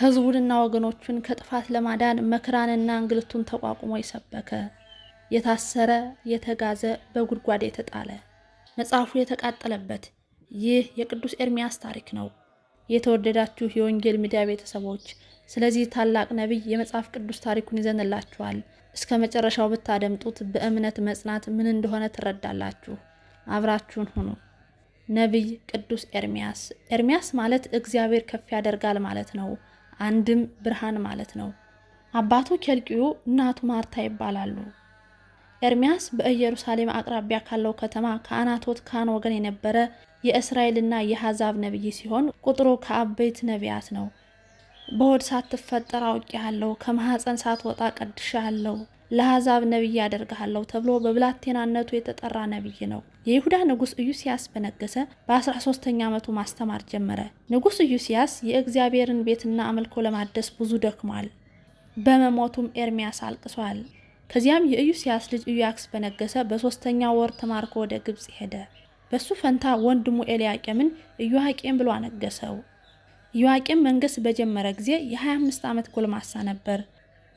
ህዝቡንና ወገኖቹን ከጥፋት ለማዳን መከራንና እንግልቱን ተቋቁሞ የሰበከ የታሰረ የተጋዘ በጉድጓድ የተጣለ መጽሐፉ የተቃጠለበት ይህ የቅዱስ ኤርሚያስ ታሪክ ነው። የተወደዳችሁ የወንጌል ሚዲያ ቤተሰቦች ስለዚህ ታላቅ ነቢይ የመጽሐፍ ቅዱስ ታሪኩን ይዘንላችኋል። እስከ መጨረሻው ብታደምጡት በእምነት መጽናት ምን እንደሆነ ትረዳላችሁ። አብራችሁን ሁኑ። ነቢይ ቅዱስ ኤርሚያስ። ኤርሚያስ ማለት እግዚአብሔር ከፍ ያደርጋል ማለት ነው። አንድም ብርሃን ማለት ነው። አባቱ ኬልቅዩ፣ እናቱ ማርታ ይባላሉ። ኤርሚያስ በኢየሩሳሌም አቅራቢያ ካለው ከተማ ከአናቶት ካን ወገን የነበረ የእስራኤልና የአሕዛብ ነቢይ ሲሆን ቁጥሩ ከአበይት ነቢያት ነው። በሆድ ሳትፈጠር አውቄሃለሁ፣ ከማኅፀን ሳትወጣ ቀድሼሃለሁ፣ ለአሕዛብ ነቢይ ያደርግሃለሁ ተብሎ በብላቴናነቱ የተጠራ ነቢይ ነው። የይሁዳ ንጉስ ኢዮስያስ በነገሰ በ 13 ተኛ ዓመቱ ማስተማር ጀመረ። ንጉስ ኢዮስያስ የእግዚአብሔርን ቤትና አምልኮ ለማደስ ብዙ ደክሟል። በመሞቱም ኤርሚያስ አልቅሷል። ከዚያም የኢዮስያስ ልጅ ኢዮአክስ በነገሰ በሶስተኛ ወር ተማርኮ ወደ ግብፅ ሄደ። በሱ ፈንታ ወንድሙ ኤልያቄምን ኢዮአቄም ብሎ አነገሰው። ኢዮአቄም መንገስ በጀመረ ጊዜ የ25 ዓመት ጎልማሳ ነበር።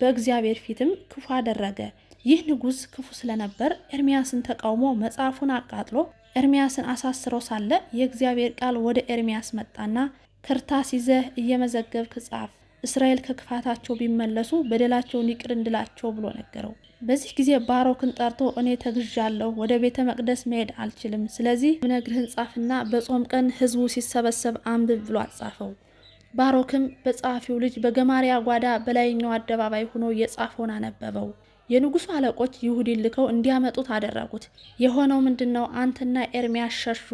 በእግዚአብሔር ፊትም ክፉ አደረገ። ይህ ንጉሥ ክፉ ስለነበር ኤርሚያስን ተቃውሞ መጽሐፉን አቃጥሎ ኤርሚያስን አሳስሮ ሳለ የእግዚአብሔር ቃል ወደ ኤርሚያስ መጣና ክርታስ ይዘህ እየመዘገብክ ጻፍ፣ እስራኤል ከክፋታቸው ቢመለሱ በደላቸውን ይቅር እንድላቸው ብሎ ነገረው። በዚህ ጊዜ ባሮክን ጠርቶ እኔ ተግዣለሁ፣ ወደ ቤተ መቅደስ መሄድ አልችልም። ስለዚህ ብነግርህን ጻፍና በጾም ቀን ህዝቡ ሲሰበሰብ አንብብ ብሎ አጻፈው። ባሮክም በጸሐፊው ልጅ በገማሪያ ጓዳ በላይኛው አደባባይ ሆኖ የጻፈውን አነበበው። የንጉሱ አለቆች ይሁዲን ልከው እንዲያመጡት አደረጉት። የሆነው ምንድነው አንተና አንትና ኤርሚያስ ሸሹ፣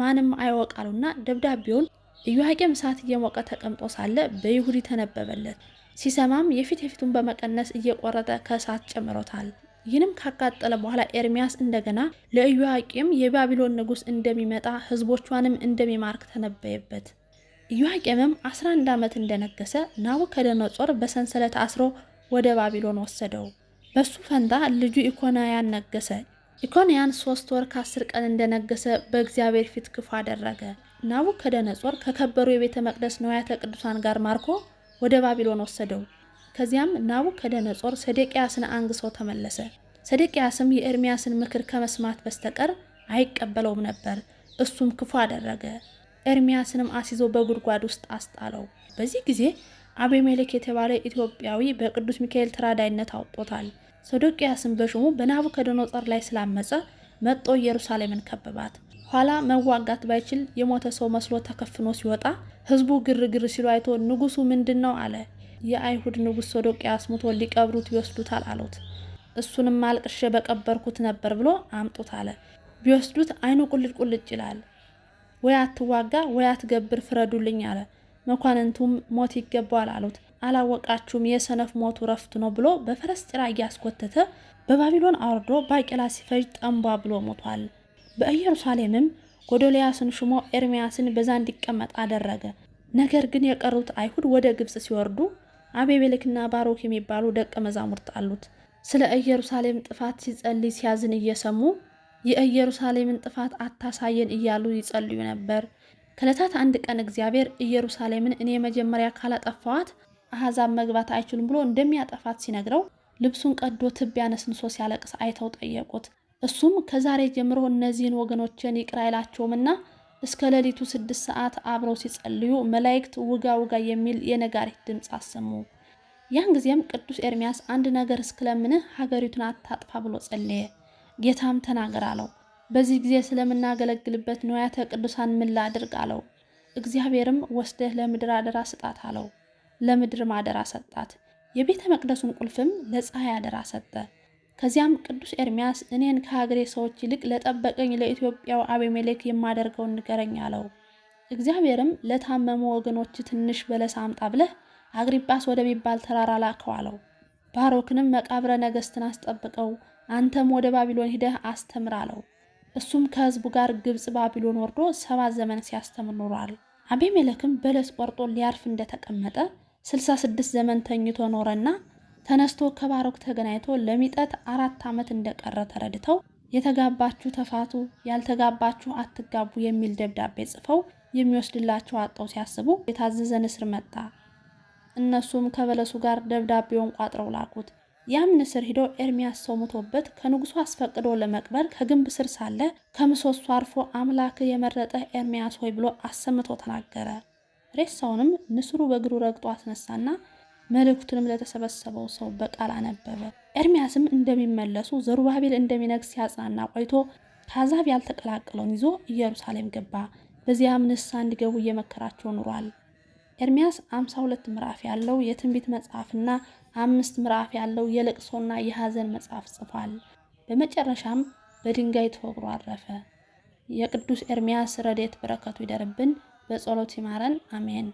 ማንም አይወቃሉና ደብዳቤውን ኢዮአቄም እሳት እየሞቀ ተቀምጦ ሳለ በይሁዲ ተነበበለት። ሲሰማም የፊት የፊቱን በመቀነስ እየቆረጠ ከእሳት ጨምሮታል። ይህንም ካቃጠለ በኋላ ኤርሚያስ እንደገና ለኢዮአቄም የባቢሎን ንጉስ እንደሚመጣ ህዝቦቿንም እንደሚማርክ ተነበየበት። ኢዮአቄምም 11 ዓመት እንደነገሰ ናቡከደነጾር በሰንሰለት አስሮ ወደ ባቢሎን ወሰደው። በሱ ፈንታ ልጁ ኢኮንያን ነገሰ። ኢኮንያን ሶስት ወር ከአስር ቀን እንደነገሰ በእግዚአብሔር ፊት ክፉ አደረገ። ናቡከደነጾር ከከበሩ የቤተ መቅደስ ንዋያተ ቅዱሳን ጋር ማርኮ ወደ ባቢሎን ወሰደው። ከዚያም ናቡከደነጾር ሰዴቅያስን አንግሰው ተመለሰ። ሰዴቅያስም የኤርሚያስን ምክር ከመስማት በስተቀር አይቀበለውም ነበር። እሱም ክፉ አደረገ። ኤርሚያስንም አስይዞ በጉድጓድ ውስጥ አስጣለው። በዚህ ጊዜ አቤሜሌክ የተባለ ኢትዮጵያዊ በቅዱስ ሚካኤል ተራዳይነት አውጦታል። ሰዶቅያስን በሹሙ በናቡከደነጾር ላይ ስላመፀ መጦ ኢየሩሳሌምን ከበባት። ኋላ መዋጋት ባይችል የሞተ ሰው መስሎ ተከፍኖ ሲወጣ ህዝቡ ግርግር ሲሉ አይቶ ንጉሱ ምንድን ነው አለ። የአይሁድ ንጉስ ሶዶቅያስ ሙቶ ሊቀብሩት ይወስዱታል አሉት። እሱንም አልቅሼ በቀበርኩት ነበር ብሎ አምጡት አለ። ቢወስዱት አይኑ ቁልጭ ቁልጭ ይላል። ወይ አትዋጋ ወይ አትገብር፣ ፍረዱልኝ አለ። መኳንንቱም ሞት ይገባዋል አሉት። አላወቃችሁም የሰነፍ ሞቱ ረፍት ነው ብሎ በፈረስ ጭራ እያስኮተተ በባቢሎን አውርዶ ባቄላ ሲፈጅ ጠምቧ ብሎ ሞቷል። በኢየሩሳሌምም ጎዶልያስን ሹሞ ኤርሚያስን በዛ እንዲቀመጥ አደረገ። ነገር ግን የቀሩት አይሁድ ወደ ግብፅ ሲወርዱ አቤቤልክና ባሮክ የሚባሉ ደቀ መዛሙርት አሉት። ስለ ኢየሩሳሌም ጥፋት ሲጸልይ ሲያዝን እየሰሙ የኢየሩሳሌምን ጥፋት አታሳየን እያሉ ይጸልዩ ነበር። ከዕለታት አንድ ቀን እግዚአብሔር ኢየሩሳሌምን እኔ መጀመሪያ ካላጠፋዋት አሕዛብ መግባት አይችሉም ብሎ እንደሚያጠፋት ሲነግረው ልብሱን ቀዶ ትቢያ ነስንሶ ሲያለቅስ አይተው ጠየቁት። እሱም ከዛሬ ጀምሮ እነዚህን ወገኖችን ይቅር አይላቸውምና እስከ ሌሊቱ ስድስት ሰዓት አብረው ሲጸልዩ መላእክት ውጋ ውጋ የሚል የነጋሪት ድምፅ አሰሙ። ያን ጊዜም ቅዱስ ኤርሚያስ አንድ ነገር እስክለምንህ ሀገሪቱን አታጥፋ ብሎ ጸለየ። ጌታም ተናገር አለው። በዚህ ጊዜ ስለምናገለግልበት ንዋያተ ቅዱሳን ምን ላድርግ አለው። እግዚአብሔርም ወስደህ ለምድር አደራ ስጣት አለው። ለምድርም አደራ ሰጣት። የቤተ መቅደሱን ቁልፍም ለፀሐይ አደራ ሰጠ። ከዚያም ቅዱስ ኤርሚያስ እኔን ከሀገሬ ሰዎች ይልቅ ለጠበቀኝ ለኢትዮጵያው አቤሜሌክ የማደርገውን ንገረኝ አለው። እግዚአብሔርም ለታመሙ ወገኖች ትንሽ በለስ አምጣ ብለህ አግሪጳስ ወደሚባል ተራራ ላከው አለው። ባሮክንም መቃብረ ነገስትን አስጠብቀው፣ አንተም ወደ ባቢሎን ሂደህ አስተምር አለው። እሱም ከህዝቡ ጋር ግብፅ ባቢሎን ወርዶ ሰባት ዘመን ሲያስተምር ኖሯል። አቤሜሌክም በለስ ቆርጦ ሊያርፍ እንደተቀመጠ ስልሳ ስድስት ዘመን ተኝቶ ኖረና ተነስቶ ከባሮክ ተገናኝቶ ለሚጠት አራት ዓመት እንደቀረ ተረድተው የተጋባችሁ ተፋቱ፣ ያልተጋባችሁ አትጋቡ የሚል ደብዳቤ ጽፈው የሚወስድላቸው አጠው ሲያስቡ የታዘዘ ንስር መጣ። እነሱም ከበለሱ ጋር ደብዳቤውን ቋጥረው ላኩት። ያም ንስር ሂዶ ኤርሚያስ ሰው ሞቶበት ከንጉሱ አስፈቅዶ ለመቅበር ከግንብ ስር ሳለ ከምሰሶ አርፎ አምላክ የመረጠ ኤርሚያስ ሆይ ብሎ አሰምቶ ተናገረ። ሬሳውንም ንስሩ በእግሩ ረግጦ አስነሳና መልእክቱንም ለተሰበሰበው ሰው በቃል አነበበ። ኤርሚያስም እንደሚመለሱ ዘሩባቤል እንደሚነግስ ሲያጽናና ቆይቶ ከአዛብ ያልተቀላቀለውን ይዞ ኢየሩሳሌም ገባ። በዚያም ንስሐ እንዲገቡ እየመከራቸው ኑሯል። ኤርሚያስ ሁለት ምዕራፍ ያለው የትንቢት መጽሐፍና አምስት ምዕራፍ ያለው የለቅሶና የሐዘን መጽሐፍ ጽፏል። በመጨረሻም በድንጋይ ተወግሮ አረፈ። የቅዱስ ኤርሚያስ ረድኤት በረከቱ ይደርብን። በጸሎት ይማረን። አሜን።